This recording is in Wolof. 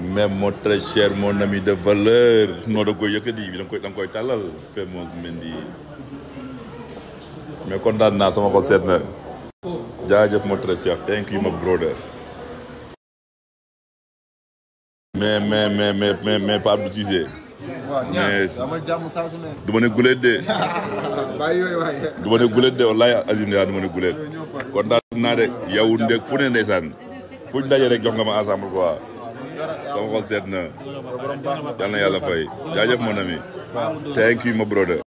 même mon très moo mon ami de valeur noo da koy yëkkati bi da nga koy da nga koy tàllal Formose Mendy mais kontaan naa sama xol seet na jaajëf mon très cher thank you my brother mais mais mais mais mais Pape Abdou Cissé mais du ma ne gulet de. du ne gulet de wallaahi azim du ma ne gulet. kontaan naa de yow ndeg fu ne ndeysaan fuñ daje rek jox nga ma ensemble quoi. sama xol seet na yal na yàlla fay jaajëf mon ami thank you my brother